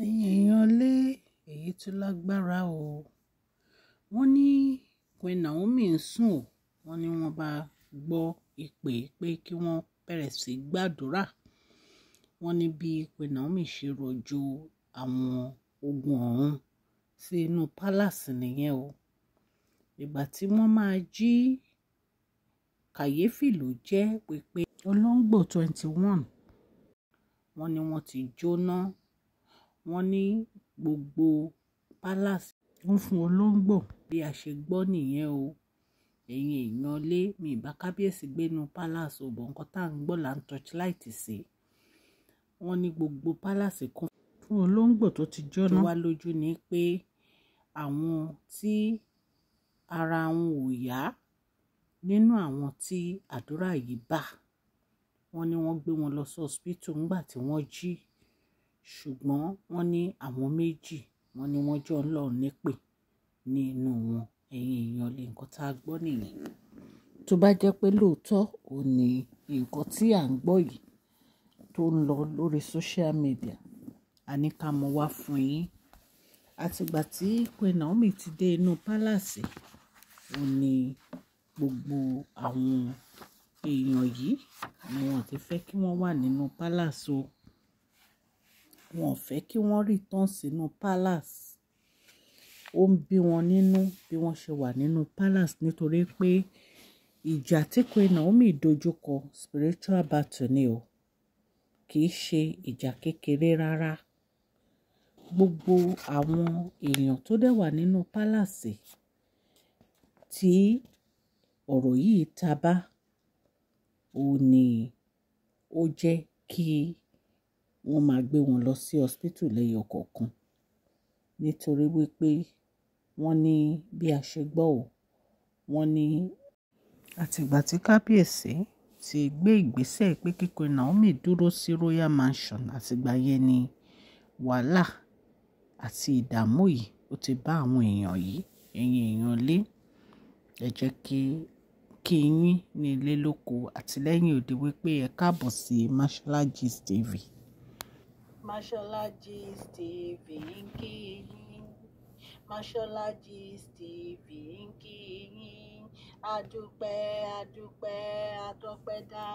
ẹ̀yin èèyàn ilé èyí tó lágbára o wọ́n ní Queen Naomi ń sùn o wọ́n ní wọ́n bá gbọ́ ìpè pé kí wọ́n bẹ̀rẹ̀ sí gbàdúrà wọ́n ní bí Queen Naomi ṣe rọ̀jò àwọn ogun ọ̀run sí inú palace nìyẹn o ìgbà tí wọ́n máa jí kàyéfì ló jẹ́ pé pé olóńgbò twenty one wọ́n ní wọ́n ti jóná wọ́n ní gbogbo palace ń fún olóńgbò bí a ṣe gbọ́ nìyẹn o ẹ̀yin èèyàn lé mi ìbá kábíyèsí gbénu palace òbọ̀ nǹkan tá à ń gbọ́ là ń torchlight sí wọ́n ní gbogbo palace kún fún olóńgbò tó ti jóná tó wá lójú ni pé àwọn tí ara wọn ò yá nínú àwọn tí àdúrà yìí bá wọn ni wọ́n gbé wọn lọ sí hospital ńgbà tí wọ́n jí ṣùgbọ́n wọ́n ní àwọn méjì wọ́n ní wọ́n jọ Ọlọ́run nípè nínú wọn ẹ̀yin èèyàn lè nǹkan tá a gbọ́ nìyẹn tó bá jẹ́ pé lóòótọ́ ò ní nǹkan tí à ń gbọ́ yìí tó ń lọ lórí social media a ní ká mọ wá fún yín àtìgbà tí Queen Naomi ti dé inú pálàsì ò ní gbogbo àwọn èèyàn yìí ni wọ́n ti fẹ́ kí wọ́n wà nínú pálàsì o wọn ò fẹ́ kí wọ́n return sínú palace ó ń bí wọn nínú bí wọ́n ṣe wà nínú palace nítorí pé ìjà tí Queen Naomi dojúkọ spiritual battle ni o kì í ṣe ìjà kékeré rárá gbogbo àwọn èèyàn tó dẹ̀ wà nínú pálàsì tí ọ̀rọ̀ yìí ta bá ò ó jẹ́ kí wọ́n máa gbé wọn lọ sí hospital lẹ́yọ kọ̀ọ̀kan nítorí wípé wọ́n ní bí a ṣe gbọ́ ò wọ́n ní àtìgbà tí kábíyèsí ti gbé ìgbésẹ̀ pé kí Queen Naomi dúró sí royal mansion àtìgbà yẹn ni wàhálà àti ìdààmú yìí ó ti bá àwọn èèyàn yìí ẹ̀yin èèyàn lé ẹ jẹ́ kí kí yín ní ilé lóko àtìlẹ́yìn òde wípé ẹ káàbọ̀ sí Mashola TV. Mashola G's TV ń TV adúpẹ́ adúpẹ́ adọ́pẹ́dá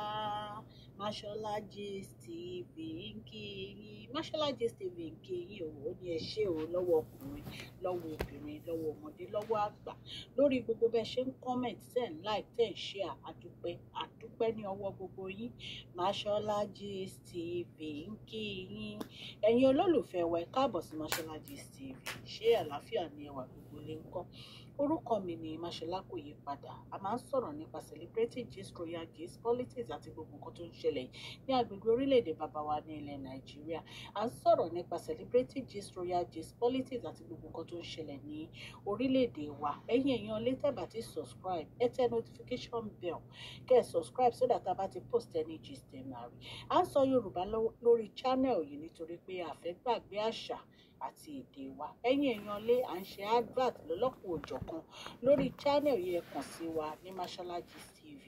Mashola Gist TV ń kí yín Mashola Gist TV ń kí yín o ó ní ẹ ṣé o lọ́wọ́ ọkùnrin lọ́wọ́ obìnrin lọ́wọ́ ọmọdé lọ́wọ́ àgbà lórí gbogbo bẹ́ẹ̀ ṣe ń comment ten like ten share adúpẹ́ adúpẹ́ ní ọwọ́ gbogbo yín Mashola Gist TV ń kí yín ẹ̀yin olólùfẹ́ wa ẹ káàbọ̀ sí Mashola Gist TV ṣé àlàáfíà ni ẹwà gbogbo lè ń kọ́ orúkọ mi ni Mashola kò yí padà a máa ń sọ̀rọ̀ nípa celebrity gist royal gist politics àti gbogbo nǹkan tó ń ṣẹlẹ̀ ní agbègbè orílẹ̀-èdè bàbá wa ní ilẹ̀ nàìjíríà a ń sọ̀rọ̀ nípa celebrity gist royal gist politics àti gbogbo nǹkan tó ń ṣẹlẹ̀ ní orílẹ̀-èdè wa ẹ̀yin èèyàn lè tẹ́ bá ti subscribe ẹ tẹ notification bell kẹ́ ẹ subscribe so that a bá ti post any gist ẹ̀ máa rí à ń sọ yorùbá lórí channel yìí nítorí pé a fẹ́ gbàgbé àṣà àti èdè wa ẹ̀yin èèyàn lé à ń ṣe advert lọ́lọ́kùn òjọ̀kan lórí channel yẹn kàn sí wa ní Mashola Gist TV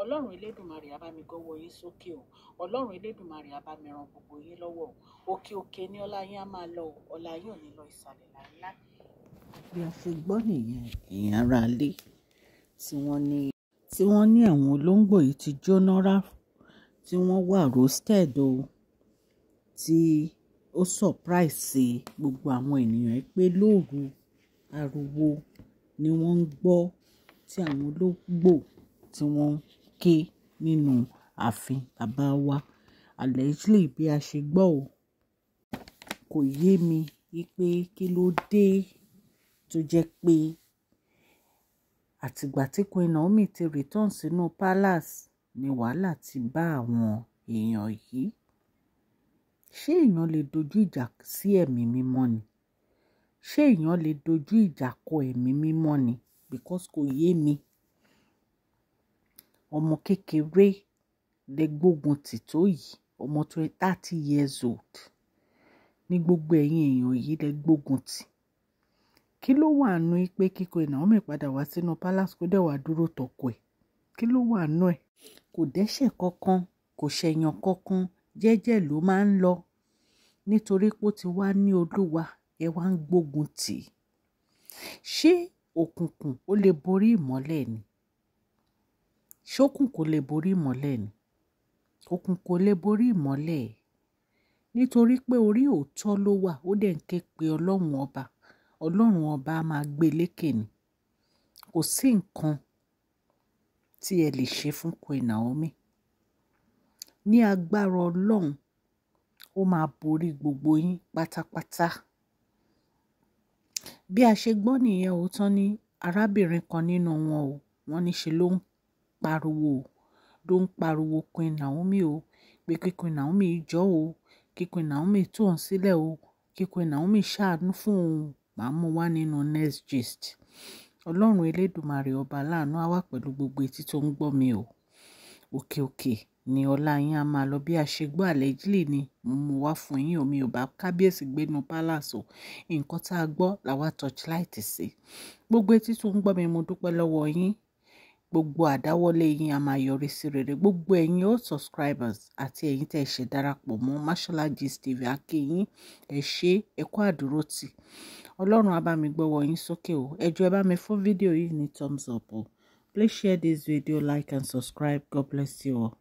ọlọ́run elédùnmarè á bá mi gọ́wọ́ yín sókè o ọlọ́run elédùnmarè á bá gbogbo yín lọ́wọ́ o òkè òkè ni ọlá yín á máa lọ o ọlá yín ò ní lọ ìsàlẹ̀ láńlá. bí a ṣe gbọ́ nìyẹn èèyàn ara lé tí wọ́n ní tí wọ́n ní àwọn olóńgbò yìí ti jóná rá tí wọ́n wà roasted o tí ó surprise gbogbo àwọn ènìyàn ẹ pé lóru ariwo ni wọ́n ń gbọ́ tí àwọn ológbò tí wọ́n ń ké nínú ààfin bàbá wa allegedly bí a ṣe gbọ́ ò kò yé mi wípé kí ló dé tó jẹ́ pé àtìgbà tí Queen Naomi ti return sínú palace ni wàhálà ti bá àwọn èèyàn yìí ṣé èèyàn lè dojú ìjà sí ẹ̀mí mímọ́ ni ṣé èèyàn lè dojú ìjà kọ ẹ̀mí mímọ́ ni because kò yé mi ọmọ kékeré lè gbógun tìtó yìí ọmọ tó thirty years old ní gbogbo ẹ̀yin èèyàn yìí lè gbógun tì kí ló wà nù í pé kíkọ Naomi padà wá sínú palace kó dẹ̀ wá dúró tọkọ ẹ̀ kí ló wà nù ẹ̀ kò dẹ́ṣẹ̀ kankan kò ṣẹ̀yàn kankan jẹ́jẹ́ ló máa ń lọ nítorí pé ó ti wá ní olúwa ẹ wá ń gbógun tì í ṣé òkùnkùn ó lè borí ìmọ́lẹ̀ ni ṣókùnkùn lè borí ìmọ́lẹ̀ ni òkùnkùn lè borí ìmọ́lẹ̀ nítorí pé orí òótọ́ ló wà ó dẹ̀ ń ké pe ọlọ́run ọba ọlọ́run ọba á máa gbé lékè ni kò sí nǹkan tí ẹ lè ṣe fún Queen Naomi ní agbára Ọlọ́run, ó máa borí gbogbo yín pátápátá. Bí a ṣe gbọ́ nìyẹn ó tán arábìnrin kan nínú wọn o, wọ́n ní ṣe ló ń pariwo, ló ń pariwo Queen Naomi o, pé kí Queen Naomi jọ́ o, kí Queen Naomi tú òun sílẹ̀ o, kí Queen Naomi ṣàánú fún òun, màá mú wá nínú next gist. Ọlọ́run Elédùmarè ọba láàánú á wà pẹ̀lú gbogbo etí tó ń gbọ́ mi o òkè òkè ni ọlá yín á máa lọ bí àṣegbọ́ àlẹ́jìlì ni mo wá fún yín omi ò bá kábíyèsí gbénu palace o nǹkan tá a gbọ́ làwa torchlight sí gbogbo etí tó ń gbọ́ mi mo dúpẹ́ lọ́wọ́ yín gbogbo àdáwọ́lé yín a máa yọrí sí rere gbogbo ẹ̀yin old subscribers àti ẹ̀yin tẹ́ ẹ ṣe darapọ̀ mọ́ Mashola Gist TV akínyín ẹ ṣé ẹ kú àdúrótì ọlọ́run á bá mi gbọ́wọ́ yín sókè o ẹ ẹ bá mi fún fídíò yìí ní thumbs up o. please share this video like and subscribe god bless you all